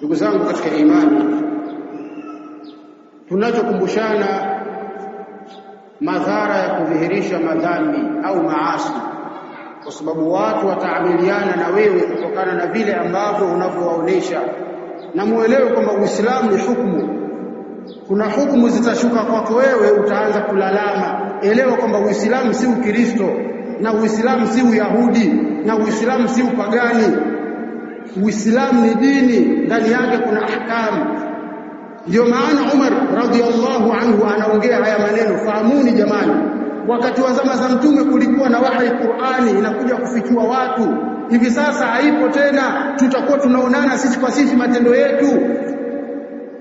Ndugu zangu katika imani, tunachokumbushana madhara ya kudhihirisha madhambi au maasi, kwa sababu watu wataamiliana na wewe kutokana na vile ambavyo unavyowaonesha, na muelewe kwamba Uislamu ni hukumu. Kuna hukumu zitashuka kwako wewe, utaanza kulalama. Elewa kwamba Uislamu si Ukristo, na Uislamu si Uyahudi, na Uislamu si upagani Uislamu ni dini, ndani yake kuna ahkamu. Ndio maana Umar radhiallahu anhu anaongea haya maneno. Fahamuni jamani, wakati wa zama za Mtume kulikuwa na wahi, Qur'ani inakuja kufichua watu. Hivi sasa haipo tena, tutakuwa tunaonana sisi kwa sisi matendo yetu.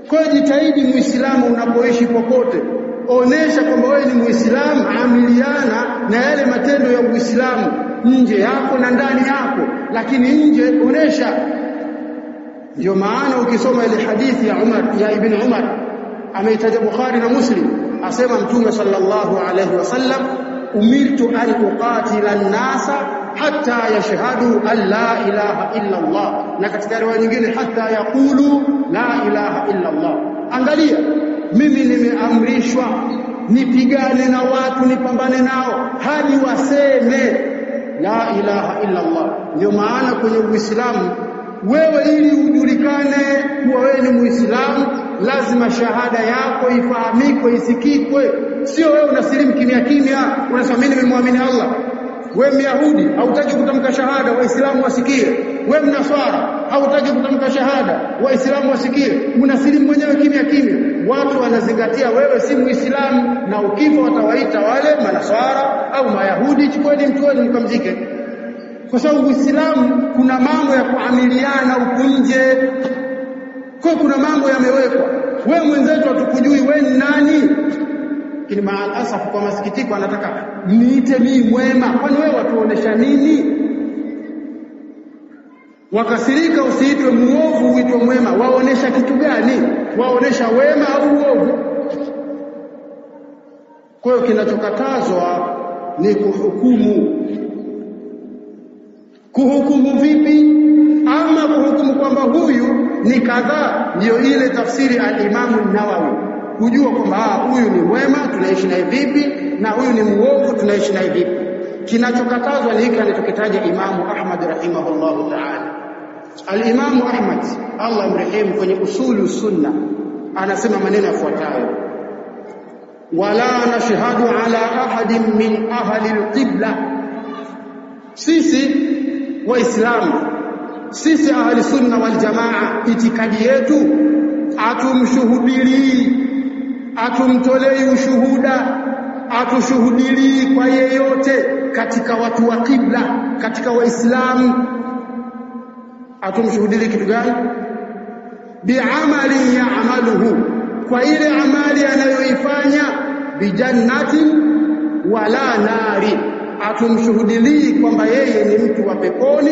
Kwa jitahidi Muislamu unapoishi popote, onesha kwamba wewe ni Muislamu, amiliana na yale matendo ya Uislamu nje yako na ndani yako lakini nje onesha. Ndio maana ukisoma ile hadithi ya Umar ya Ibn Umar ameitaja Bukhari na Muslim, asema Mtume sallallahu alayhi wasallam, umirtu an uqatila an-nasa hatta yashhadu an la ilaha illa Allah, na katika riwaya nyingine hatta yaqulu la ilaha illa Allah. Angalia, mimi nimeamrishwa nipigane na watu, nipambane nao hadi waseme la ilaha illa Allah. Ndio maana kwenye Uislamu wewe, ili ujulikane kuwa wewe ni Muislamu, lazima shahada yako ifahamikwe, isikikwe. Sio wewe unasilimu kimya kimya, unasema mimi nimemwamini Allah we myahudi hautaki kutamka shahada waislamu wasikie we mnaswara hautaki kutamka shahada waislamu wasikie unasilimu mwenyewe kimya kimya watu wanazingatia wewe si muislamu na ukifa watawaita wale manaswara au mayahudi chukueni mtueni mkamzike kwa sababu uislamu kuna mambo ya kuamiliana huku nje kwa kuna mambo yamewekwa wewe mwenzetu hatukujui we ni nani lakini maalasaf, kwa masikitiko, anataka niite mii mwema. Kwani wewe watuonesha nini? Wakasirika, usiitwe muovu, uitwe mwema. Waonesha kitu gani? Waonesha wema au uovu? Kwa hiyo kinachokatazwa ni kuhukumu. Kuhukumu vipi? Ama kuhukumu kwamba huyu ni kadhaa, ndiyo ile tafsiri alimamu Nawawi kujua kwamba ah, huyu ni mwema tunaishi naye vipi, na huyu ni mwovu tunaishi naye vipi. Kinachokatazwa ni hiki alichokitaja Imamu Ahmad rahimahullahu taala. Alimamu Ahmad Allah mrehemu, kwenye usulu sunna anasema maneno yafuatayo: wala nashhadu ala ahadin min ahli alqibla, sisi Waislamu, sisi ahli sunna wal itikadi yetu hatumshuhudilii atumtolei ushuhuda atushuhudilii kwa yeyote katika watu wa kibla katika waislamu atumshuhudili kitu gani biamali yaamaluhu kwa ile amali anayoifanya bijannatin wala nari atumshuhudilii kwamba yeye ni mtu wa peponi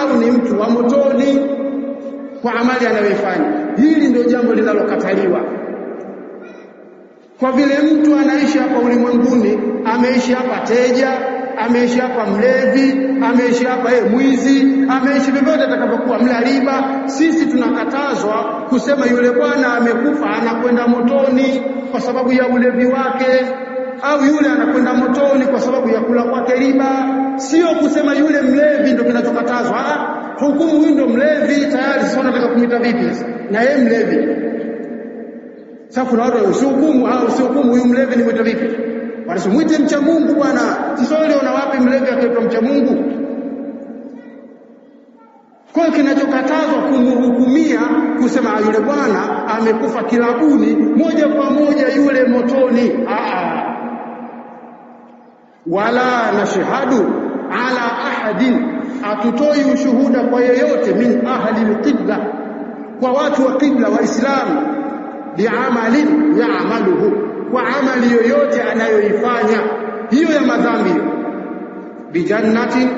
au ni mtu wa motoni kwa amali anayoifanya hili ndio jambo linalokataliwa kwa vile mtu anaishi hapa ulimwenguni, ameishi hapa teja, ameishi hapa mlevi, ameishi hapa yeye mwizi, ameishi vyovyote atakavyokuwa, mla riba. Sisi tunakatazwa kusema yule bwana amekufa, anakwenda motoni kwa sababu ya ulevi wake, au yule anakwenda motoni kwa sababu ya kula kwake riba. Sio kusema yule mlevi ndio kinachokatazwa. Hukumu huyu ndio mlevi tayari, sio? Nataka kumwita vipi? Na yeye mlevi sasa kuna watu usihukumu, au ah, usihukumu huyu mlevi nimwita vipi? Wanasema mwite mcha Mungu bwana. Sasa uliona wapi mlevi akaitwa mcha Mungu? Kwa hiyo kinachokatazwa kumhukumia, kusema ah, yule bwana amekufa kilabuni, moja kwa moja yule motoni. Aa, ah, wala nashhadu ala ahadin, atutoi ushuhuda kwa yeyote min ahli lqibla, kwa watu wa qibla Waislamu liamalin ya'maluhu, kwa amali yoyote anayoifanya hiyo ya madhambi, bijannatin,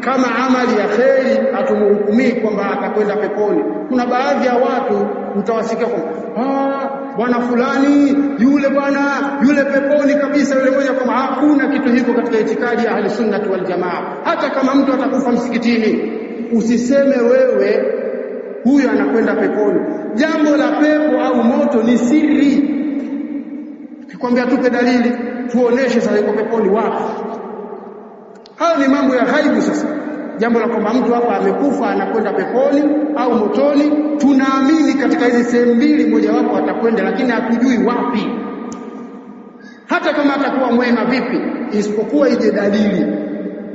kama amali ya kheri, atumuhukumii kwamba atakwenda peponi. Kuna baadhi ya watu mtawasikia kwamba ah, bwana fulani yule bwana yule peponi kabisa yule moja, kwamba hakuna kitu hiko katika itikadi ya ahlisunnati waljamaa. Hata kama mtu atakufa msikitini, usiseme wewe huyo anakwenda peponi jambo la pepo au moto ni siri. Ukikwambia tupe dalili, tuoneshe sasa yuko peponi wapi. Hayo ni mambo ya ghaibu. Sasa jambo la kwamba mtu hapa amekufa anakwenda peponi au motoni, tunaamini katika hizi sehemu mbili, mojawapo atakwenda, lakini hatujui wapi, hata kama atakuwa mwema vipi, isipokuwa ije dalili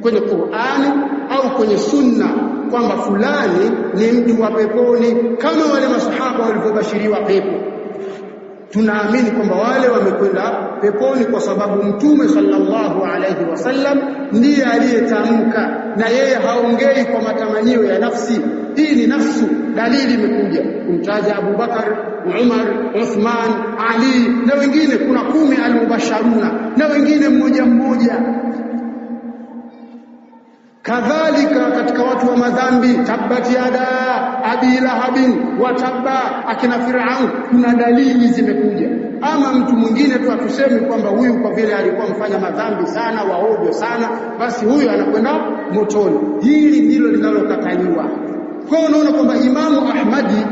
kwenye Qur'ani au kwenye Sunna kwamba fulani ni mtu wa peponi kama wale masahaba walivyobashiriwa pepo. Tunaamini kwamba wale wamekwenda peponi kwa sababu Mtume sallallahu alaihi wasallam ndiye aliyetamka, na yeye haongei kwa matamanio ya nafsi. Hii ni nafsu, dalili imekuja kumtaja Abu Bakar, Umar, Uthman, Ali na wengine, kuna kumi almubasharuna na wengine mmoja mmoja kadhalika katika watu wa madhambi tabbat yada abi lahabin wa tabba akina firaun kuna dalili zimekuja ama mtu mwingine tu atusemi kwamba huyu kwa vile alikuwa mfanya madhambi sana waovyo sana basi huyu anakwenda motoni hili ndilo linalokataliwa kwa hiyo unaona kwamba imamu ahmadi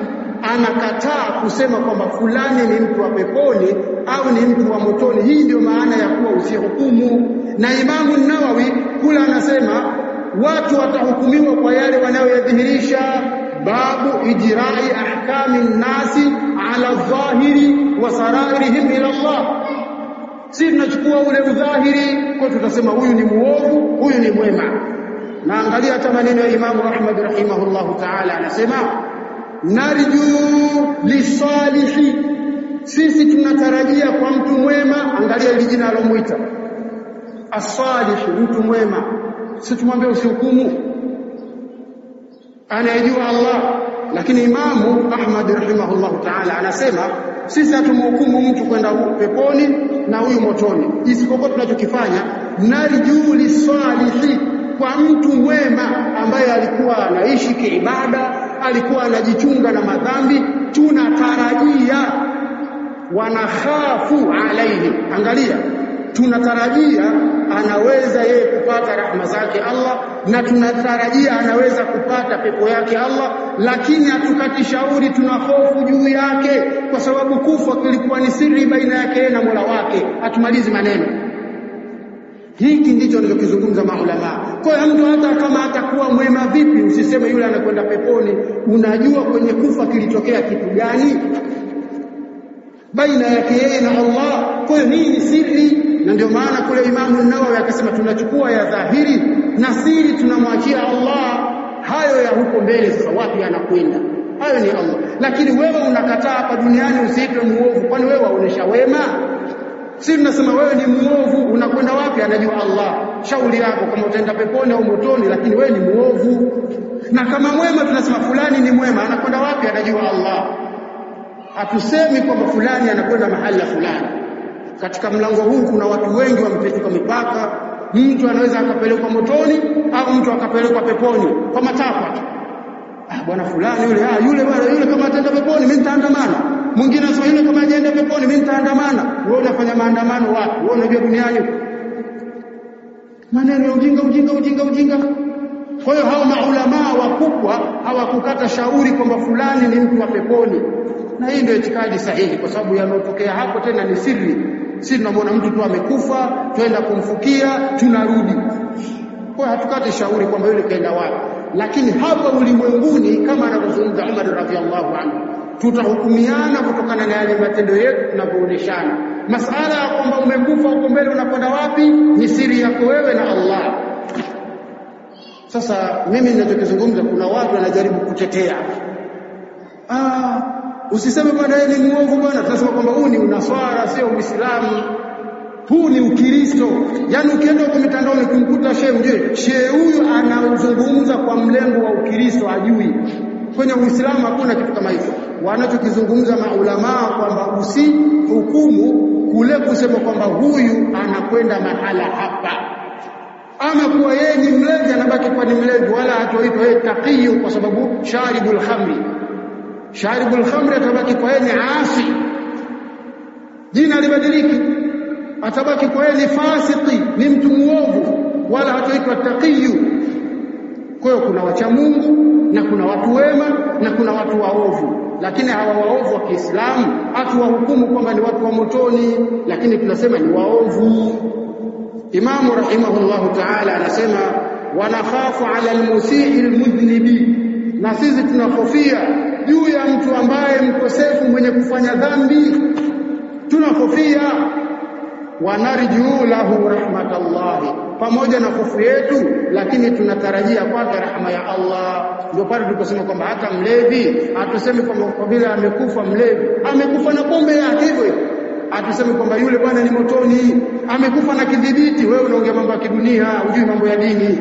anakataa kusema kwamba fulani ni mtu wa peponi au ni mtu wa motoni hii ndio maana ya kuwa usihukumu na imamu nawawi kula anasema watu watahukumiwa kwa yale wanayoyadhihirisha babu ijrai ahkami nnasi ala dhahiri wa sarairihim ila Allah si tunachukua ule udhahiri kwa tutasema huyu ni muovu huyu ni mwema na angalia hata maneno ya Imamu Ahmad rahimahullahu ta'ala anasema narjuu lisalihi sisi tunatarajia kwa mtu mwema angalia ile jina alomwita asalihi mtu mwema si tumwambia usihukumu anayejua Allah lakini Imamu Ahmad rahimahullahu ta'ala anasema sisi hatumhukumu mtu kwenda peponi na huyu motoni, isipokuwa tunachokifanya narjuu salihi kwa mtu mwema ambaye alikuwa anaishi kiibada, alikuwa anajichunga na madhambi, tunatarajia wanakhafu alaihi. Angalia, tunatarajia anaweza yeye kupata rahma zake Allah na tunatarajia anaweza kupata pepo yake Allah, lakini hatukatishauri, tuna hofu juu yake, kwa sababu kufa kilikuwa ni siri baina yake na Mola wake. Hatumalizi maneno, hiki ndicho anachokizungumza maulama. Kwa hiyo mtu hata kama atakuwa mwema vipi, usiseme yule anakwenda peponi. Unajua kwenye kufa kilitokea kitu gani baina yake yeye na Allah? Kwa hiyo hii ni siri na ndio maana kule Imamu Nawawi akasema tunachukua ya dhahiri na siri tunamwachia Allah, hayo ya huko mbele sasa wapi yanakwenda hayo ni Allah. Lakini wewe unakataa hapa duniani usiitwe muovu, kwani wewe waonesha wema? Si tunasema wewe ni muovu, unakwenda wapi? Anajua Allah. Shauri yako kama utaenda peponi au motoni, lakini wewe ni muovu. Na kama mwema, tunasema fulani ni mwema, anakwenda wapi? Anajua Allah. Hatusemi kwamba fulani anakwenda mahali fulani katika mlango huu kuna watu wengi wamepetuka mipaka. Mtu anaweza akapelekwa motoni au mtu akapelekwa peponi kwa matakwa tu. Ah, bwana fulani yule, ah, yule bwana yule, kama ataenda peponi mimi nitaandamana. Mwingine sio yule, kama ajaenda peponi mimi nitaandamana. Wewe unafanya maandamano wapi? Wewe unajua duniani maneno ya ujinga ujinga ujinga ujinga. Kwa hiyo hao maulamaa wakubwa hawakukata shauri kwamba fulani ni mtu wa peponi, na hii ndio itikadi sahihi, kwa sababu yanayotokea hapo tena ni siri. Sisi tunamwona mtu tu amekufa, twenda kumfukia, tunarudi. Kwa hatukati shauri kwamba yule kaenda wapi, lakini hapa ulimwenguni kama anavyozungumza Umar radhiallahu anhu, tutahukumiana kutokana na yale matendo yetu tunavyooneshana. Masala ya kwamba umekufa huko mbele unakwenda wapi ni siri yako wewe na Allah. Sasa mimi ninachokizungumza, kuna watu wanajaribu kutetea ah, Usiseme bwana yeye eh, ni muongo bwana, tunasema kwamba huu ni unaswara sio Uislamu. Huu ni Ukristo. Yaani ukienda kwa mitandao kumkuta shehe mjue, shehe huyu anauzungumza kwa mlengo wa Ukristo ajui. Kwenye Uislamu hakuna kitu kama hicho. Wanachokizungumza maulamaa kwamba usihukumu kule kusema kwamba huyu anakwenda mahala hapa ama kuwa yeye ni mlevi anabaki kuwa ni mlevi, wala hatoitwa yeye taqiyu, kwa sababu sharibul khamri sharibul khamri atabaki kwa yeye asi, jina libadiliki, atabaki kwa yeye ni fasiki, ni mtu muovu, wala hataitwa taqiyu. Kwa kuna wacha Mungu na kuna watu wema na kuna watu waovu, lakini hawa waovu wa Kiislamu hatuwahukumu kwamba ni watu wa motoni, lakini tunasema ni waovu. Imamu rahimahullahu taala anasema wanakhafu ala almusii almudhnibi na sisi tunakofia juu ya mtu ambaye mkosefu mwenye kufanya dhambi tunakofia wanarjuu lahu rahmatallahi pamoja na hofu yetu lakini tunatarajia kwake rahma ya Allah ndio pale tuliposema kwamba hata mlevi hatusemi kwamba kwa vile amekufa mlevi amekufa na pombe yake hivyo hatusemi kwamba yule bwana ni motoni amekufa na kidhibiti wewe unaongea mambo ya kidunia hujui mambo ya dini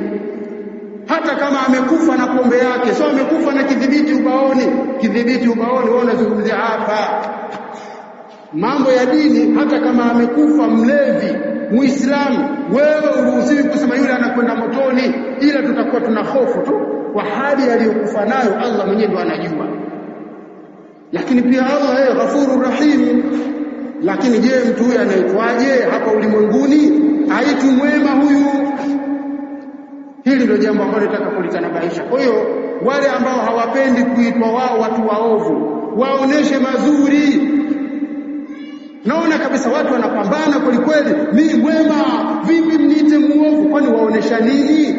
hata kama amekufa na pombe yake, sio amekufa na kidhibiti ubaoni. Kidhibiti ubaoni wewe unazungumzia hapa mambo ya dini. Hata kama amekufa mlevi Muislamu, wewe uruhusiwi kusema yule anakwenda motoni, ila tutakuwa tuna hofu tu kwa hali aliyokufa nayo. Allah mwenyewe ndo anajua, lakini pia Allah yeye eh, ghafuru Rahim. Lakini je, mtu huyu anaitwaje hapa ulimwenguni? Aitu mwema huyu Hili ndio jambo ambalo nataka kulitanabaisha. Kwa hiyo wale ambao hawapendi kuitwa wao watu waovu waoneshe mazuri. Naona kabisa watu wanapambana kwelikweli, ni mwema, vipi mniite muovu? Kwani waonesha nini?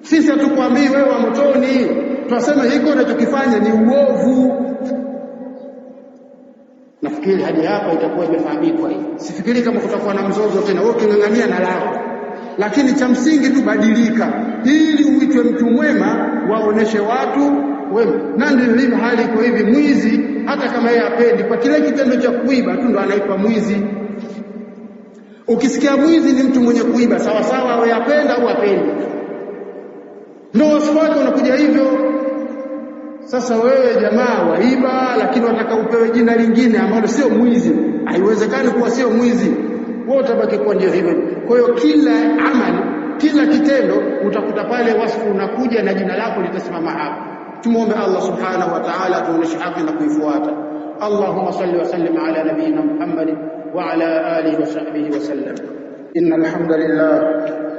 Sisi hatukwambii wewe wa motoni, tunasema hiko unachokifanya ni uovu. Nafikiri hadi hapa itakuwa Hii Sifikiri kama kutakuwa na mzozo tena, wewe uking'ang'ania na lao lakini cha msingi tu badilika, ili uitwe mtu mwema, waoneshe watu wema. Na ndio hivi hali iko hivi. Mwizi hata kama yeye apendi, kwa kile kitendo cha kuiba tu ndo anaitwa mwizi. Ukisikia mwizi ni mtu mwenye kuiba, sawasawa awe apenda au apendi, ndo wasiwake unakuja hivyo. Sasa wewe jamaa waiba, lakini wataka upewe jina lingine ambalo sio mwizi. Haiwezekani kuwa sio mwizi wote wabaki kuwa ndio hivyo. Kwa hiyo kila amali, kila kitendo utakuta pale wasfu unakuja na jina lako litasimama hapo. tumwombe Allah subhanahu wa ta'ala atuoneshe haki na kuifuata. Allahumma salli wa sallim ala nabiyyina Muhammad wa ala alihi wa sahbihi wa sallam. Innal hamdalillah